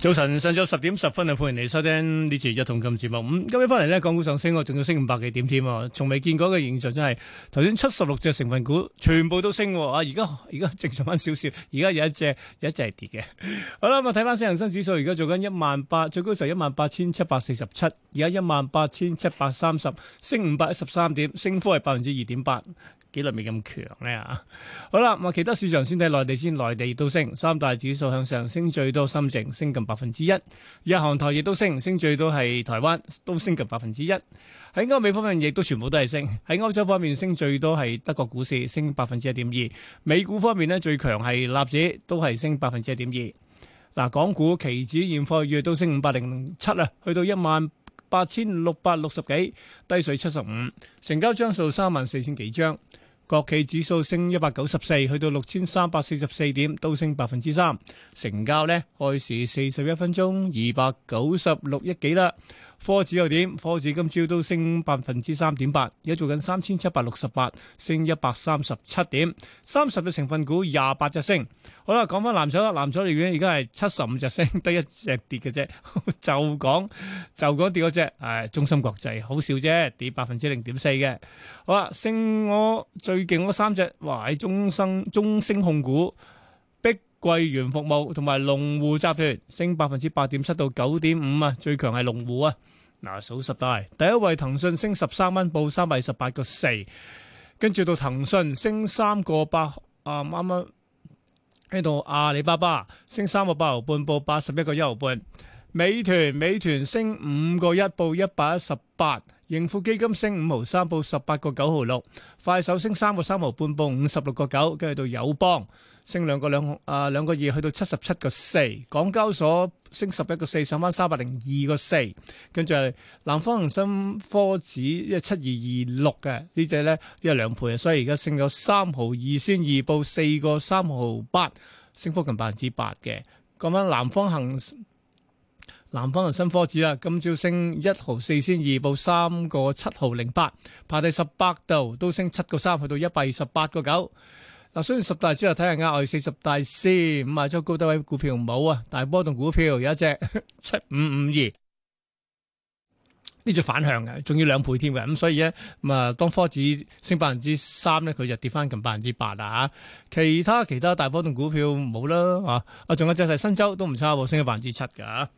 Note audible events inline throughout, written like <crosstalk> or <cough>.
早晨，上晝十點十分啊，歡迎嚟收聽呢次一桶金節目。咁、嗯、今日翻嚟呢，港股上升，我仲要升五百幾點添，從未見過嘅現象真，真係頭先七十六隻成分股全部都升，而家而家正常翻少少，而家有一隻有一隻係跌嘅。好啦，咁啊，睇翻恒生指數，而家做緊一萬八，最高的時候一萬八千七百四十七，而家一萬八千七百三十，升五百一十三點，升幅係百分之二點八。紀律未咁強呢？啊！好啦，咁啊，其他市場先睇內地先，內地都升，三大指數向上升最多深淨，深證升近百分之一，日韓台亦都升，升最多係台灣都升近百分之一。喺歐美方面亦都全部都係升，喺歐洲方面升最多係德國股市升百分之一點二，美股方面呢，最強係納指都係升百分之一點二。嗱，港股期指現貨月都升五百零七啊，去到一萬八千六百六十幾，低水七十五，成交張數三萬四千幾張。國企指數升一百九十四，去到六千三百四十四點，都升百分之三。成交呢，開市四十一分鐘，二百九十六億幾啦。科指又點？科指今朝都升百分之三點八，而家做緊三千七百六十八，升一百三十七點。三十嘅成分股廿八隻升，好啦，講翻藍籌啦。藍籌嚟講，而家係七十五隻升，得一隻跌嘅啫。就講就講跌嗰隻，哎，係中芯國際，好少啫，跌百分之零點四嘅。好啦，升我最勁嗰三隻，哇！喺中升中升控股。桂圓服務同埋龍湖集團升百分之八點七到九點五啊，最強係龍湖啊！嗱，數十大第一位，騰訊升十三蚊，報三百二十八個四。跟住到騰訊升三個八，啊，啱啱喺度。阿里巴巴升三個八毫半，報八十一個一毫半。美團美團升五個一，報一百一十八。盈富基金升五毫三，報十八個九毫六。快手升三個三毫半，報五十六個九。跟住到友邦。升兩個兩啊，兩個二，去到七十七個四。港交所升十一個四，上翻三百零二個四。跟住係南方恒生科指一七二二六嘅呢隻呢，一兩倍啊，所以而家升咗三毫二，先二報四個三毫八，升幅近百分之八嘅。講翻南方恒，南方恒生科指啦，今朝升一毫四，先二報三個七毫零八，排第十八度，都升七個三，去到一百二十八個九。嗱，雖然十大之後睇下額外四十大先，咁買咗高低位股票唔好啊，大波動股票有一隻七五五二，呢隻反向嘅，仲要兩倍添嘅，咁所以咧咁啊，當科指升百分之三咧，佢就跌翻近百分之八啊，其他其他大波動股票唔好啦、啊，啊，仲有隻係新洲都唔差喎，升咗百分之七噶。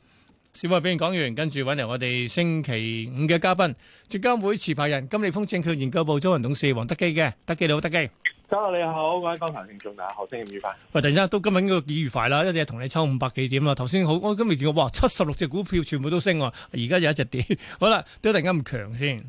小妹表示講完，跟住揾嚟我哋星期五嘅嘉賓、證監會持牌人、金利豐證券研究部執行董事黃德幾嘅。德幾你好，德幾。Hello，你好，各位觀眾聽眾，大家好，星期五愉快。喂，突然間都今日應該幾愉快啦，一定係同你抽五百幾點啦。頭先好，我今日見到哇，七十六隻股票全部都升啊，而家有一隻跌。好啦，都突然間咁強先。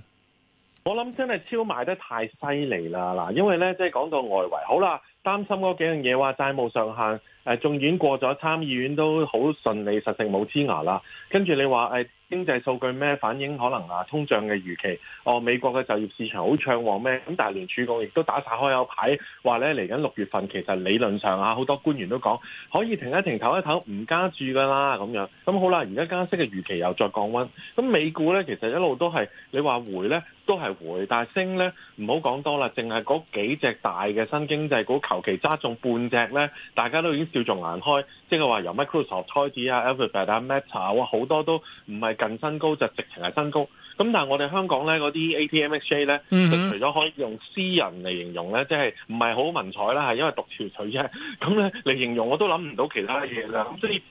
我諗真係超賣得太犀利啦！嗱，因為咧，即係講到外圍，好啦，擔心嗰幾樣嘢話債務上限。誒、呃、眾院過咗，參議院都好順利，實成冇黐牙啦。跟住你話誒經濟數據咩反應？可能啊，通脹嘅預期哦，美國嘅就業市場好暢旺咩？咁但係聯儲局亦都打晒開口牌，話咧嚟緊六月份其實理論上啊，好多官員都講可以停一停、唞一唞，唔加注噶啦咁樣。咁好啦，而家加息嘅預期又再降溫。咁美股咧其實一路都係你話回咧都係回，但係升咧唔好講多啦，淨係嗰幾隻大嘅新經濟股，求其揸中半隻咧，大家都已經笑逐顏開。即係話由 Microsoft、Microsoft 啊、Alphabet 啊、Meta 啊，哇好多都唔係。近新高就直情係新高，咁但係我哋香港咧嗰啲 ATMHA 咧，mm hmm. 就除咗可以用私人嚟形容咧，即係唔係好文采啦，係因為獨裁取啫，咁咧嚟形容，就是、不是形容我都諗唔到其他嘢啦，咁所以。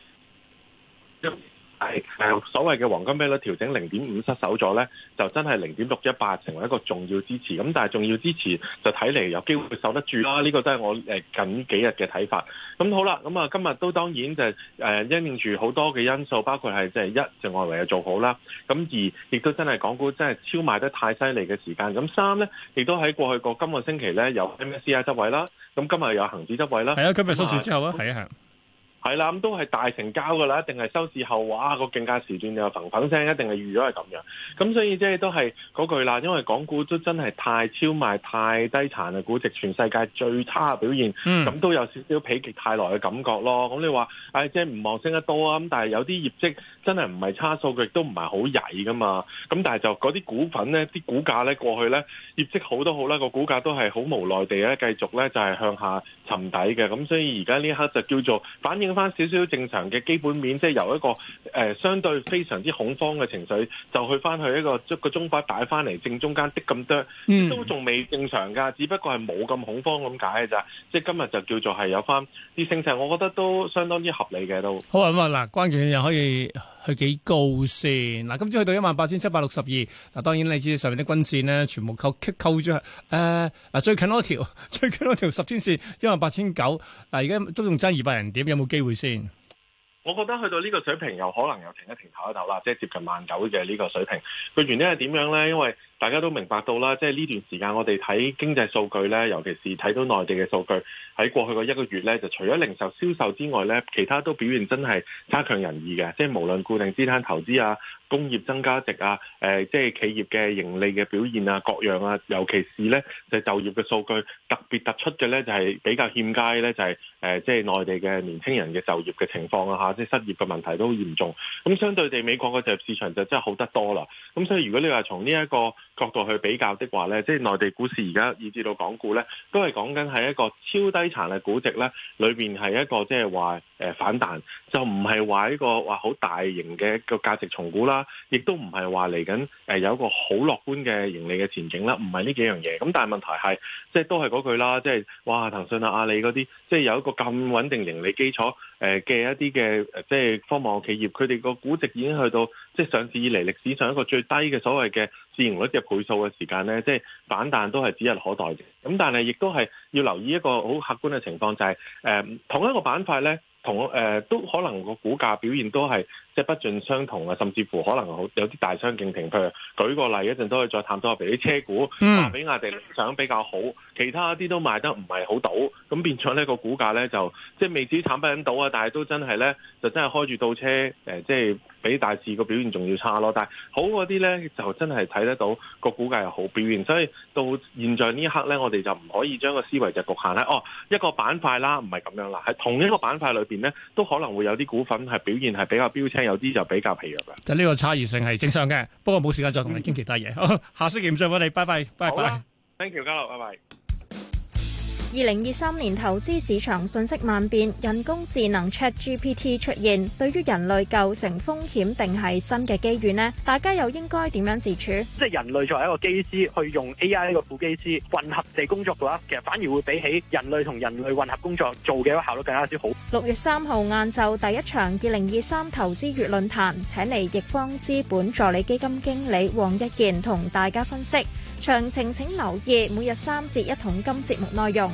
Mm hmm. 係所謂嘅黃金比率調整零點五失守咗呢，就真係零點六一八成為一個重要支持。咁但係重要支持就睇嚟有機會守得住啦。呢個都係我近幾日嘅睇法。咁好啦，咁啊今日都當然就誒因應住好多嘅因素，包括係即係一就外圍又做好啦。咁二亦都真係港股真係超賣得太犀利嘅時間。咁三呢亦都喺過去個今個星期呢有 MSCI 執位啦。咁今日有恆指執位啦。係啊，今日收市之後啊，係啊是。係啦，咁都係大成交㗎啦，一定係收市後，話個競價時段又嘭嘭聲，一定係預咗係咁樣。咁所以即係都係嗰句啦，因為港股都真係太超賣、太低殘嘅估值，全世界最差嘅表現，咁、嗯、都有少少疲極太耐嘅感覺咯。咁你話，即係唔望升得多啊。咁但係有啲業績真係唔係差數據，都唔係好曳㗎嘛。咁但係就嗰啲股份咧，啲股價咧過去咧業績好都好啦，個股價都係好無奈地咧繼續咧就係、是、向下沉底嘅。咁所以而家呢一刻就叫做反映。翻少少正常嘅基本面，即係由一個誒相對非常之恐慌嘅情緒，就去翻去一個個鐘擺擺翻嚟正中間的咁多，都仲未正常噶，只不過係冇咁恐慌咁解嘅咋。即係今日就叫做係有翻啲升勢，我覺得都相當之合理嘅都。好啊，咁啊嗱，關鍵又可以去幾高先？嗱，今朝去到一萬八千七百六十二。嗱，當然你知上面啲均線呢，全部扣扣咗誒，嗱、呃、最近嗰條最近嗰條十天線一萬八千九。嗱，而家都仲爭二百零點，有冇機？會先，我覺得去到呢個水平有可能又停一停，唞一唞啦，即係接近萬九嘅呢個水平。佢原因係點樣咧？因為大家都明白到啦，即係呢段時間我哋睇經濟數據咧，尤其是睇到內地嘅數據，喺過去嗰一個月咧，就除咗零售銷售之外咧，其他都表現真係差強人意嘅。即係無論固定資產投資啊、工業增加值啊、誒、呃，即係企業嘅盈利嘅表現啊、各樣啊，尤其是咧就是、就業嘅數據特別突出嘅咧，就係、是、比較欠佳咧、就是，就係誒，即係內地嘅年輕人嘅就業嘅情況啊，吓，即係失業嘅問題都好嚴重。咁相對地，美國嘅就業市場就真係好得多啦。咁所以如果你話從呢一個角度去比較的話咧，即係內地股市而家以至到港股呢，都係講緊係一個超低殘嘅估值呢，裏邊係一個即係話誒反彈，就唔係話一個話好大型嘅個價值重估啦，亦都唔係話嚟緊誒有一個好樂觀嘅盈利嘅前景啦，唔係呢幾樣嘢。咁但係問題係，即係都係嗰句啦，即係哇，騰訊啊、阿里嗰啲，即係有一個咁穩定盈利基礎誒嘅一啲嘅即係科網企業，佢哋個估值已經去到。即係上市以嚟歷史上一個最低嘅所謂嘅市盈率嘅倍數嘅時間咧，即係反彈都係指日可待嘅。咁但係亦都係要留意一個好客觀嘅情況，就係誒同一個板塊咧，同誒都可能個股價表現都係即係不盡相同啊，甚至乎可能好有啲大相徑庭。譬如舉個例，一陣都可以再探討下，譬如啲車股，比亞迪、理想比較好，其他啲都賣得唔係好到，咁變咗呢個股價咧就即係未至於慘不忍睹啊，但係都真係咧就真係開住倒車誒，即係。比大市個表現仲要差咯，但係好嗰啲咧就真係睇得到個股價又好表現，所以到現在呢一刻咧，我哋就唔可以將個思維就局限喺哦一個板塊啦，唔係咁樣啦，喺同一個板塊裏邊咧，都可能會有啲股份係表現係比較標青，有啲就比較疲弱嘅，就呢個差異性係正常嘅。不過冇時間再同你傾其他嘢，嗯、 <laughs> 下星期唔再揾你，拜拜，啊、拜拜，Thank you，家樂，拜拜。二零二三年投資市場瞬息萬變，人工智能 ChatGPT 出現，對於人類構成風險定係新嘅機遇呢？大家又應該點樣自處？即係人類作為一個機師，去用 AI 一個副機師混合地工作嘅話，其實反而會比起人類同人類混合工作做嘅一個效率更加之好。六月三號晏晝第一場二零二三投資月論壇，請嚟易方資本助理基金經理黃一健同大家分析。詳情請留意每日三節一桶金節目內容。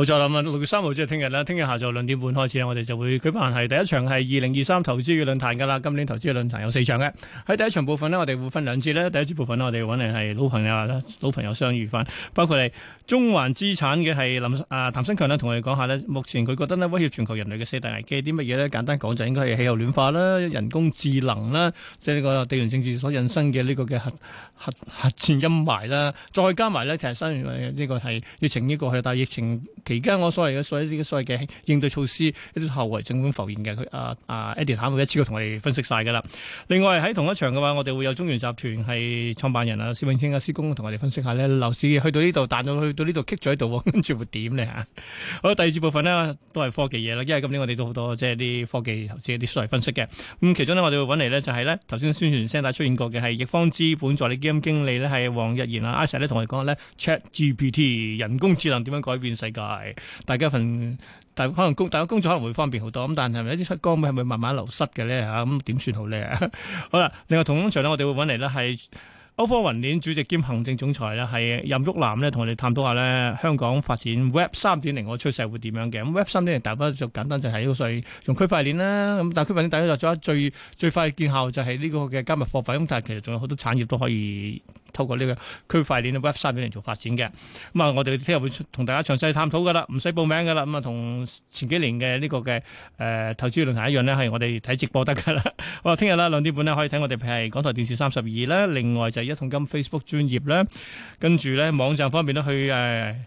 冇錯啦！咁六月三號即係聽日啦，聽日下晝兩點半開始，我哋就會舉辦係第一場係二零二三投資嘅論壇噶啦。今年投資嘅論壇有四場嘅，喺第一場部分呢，我哋會分兩節呢，第一節部分咧，我哋搵嚟係老朋友啦，老朋友相遇翻，包括嚟中環資產嘅係林啊譚新強呢，同我哋講下呢，目前佢覺得呢，威脅全球人類嘅四大危機啲乜嘢呢？簡單講就應該係氣候暖化啦、人工智能啦，即係呢個地緣政治所引申嘅呢個嘅核核核戰陰霾啦，再加埋呢，其實新完呢個係疫情呢個係，大疫情。這個期間我所謂嘅所以啲所謂嘅應對措施一啲後遺症咁浮現嘅，佢啊啊，Eddie 坦白一次過同我哋分析曬㗎啦。另外喺同一場嘅話，我哋會有中原集團係創辦人啊，施永青啊、施工同我哋分析下咧樓市去到呢度，彈到去到呢度棘咗喺度，跟住會點咧嚇？好，第二節部分咧都係科技嘢啦，因為今年我哋都好多即係啲科技投資一啲所謂分析嘅。咁其中咧我哋會揾嚟咧就係咧頭先宣傳聲帶出現過嘅係易方資本助理基金經理咧係黃日賢啊，阿 Sir 咧同我哋講咧 ChatGPT 人工智能點樣改變世界。係大家份，大可能工大家工作可能會方便好多，咁但係咪一啲出光咁係咪慢慢流失嘅咧嚇？咁點算好咧？好啦，另外同場咧，我哋會揾嚟呢，係歐科雲鏈主席兼行政總裁呢，係任旭南呢，同我哋探討下呢香港發展 Web 三點零個趨勢會點樣嘅？咁 Web 三點零大不就簡單就係一個所以用區塊鏈啦，咁但區塊鏈大家就做一最最快嘅見效就係呢個嘅加密貨幣，咁但係其實仲有好多產業都可以。透過呢個區塊鏈嘅 Web 三點嚟做發展嘅，咁啊，我哋聽日會同大家詳細探討噶啦，唔使報名噶啦，咁啊，同前幾年嘅、呢、這個嘅、誒、呃、投資論壇一樣咧，係我哋睇直播得噶啦。好啦，聽日啦，兩點半咧可以睇 <laughs> 我哋，譬如係港台電視三十二啦。另外就係一桶金 Facebook 專頁咧，跟住咧網站方面都去誒。呃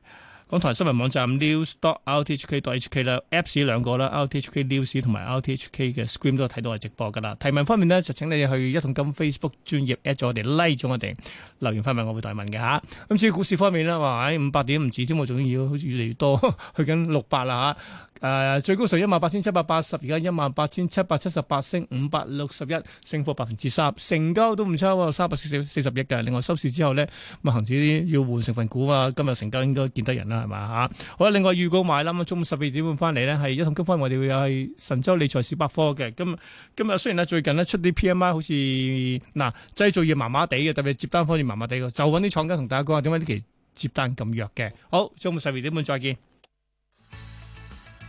港台新聞網站 news dot rthk dot hk 啦，Apps 兩個啦，rthk News 同埋 rthk 嘅 Screen 都睇到係直播噶啦。提問方面呢，就請你去一桶金 Facebook 專頁 at 咗我哋，like 咗我哋，留言發問我會代問嘅吓。咁至於股市方面呢，話喺五百點唔止添，我仲要好似越嚟越多，去緊六百啦吓。誒、啊，最高上一萬八千七百八十，而家一萬八千七百七十八，升五百六十一，升幅百分之三，成交都唔差三百四十四十億嘅。另外收市之後呢，咁啊，恒指要換成份股啊，今日成交應該見得人啦。係嘛吓？好啦，另外預告埋啦。咁中午十二點半翻嚟咧，係一同今翻我哋會有神州理財市百科嘅。咁今日，雖然咧最近咧出啲 P M I 好似嗱製造業麻麻地嘅，特別接單方面麻麻地嘅，就搵啲廠家同大家講下點解呢期接單咁弱嘅。好，中午十二點半再見。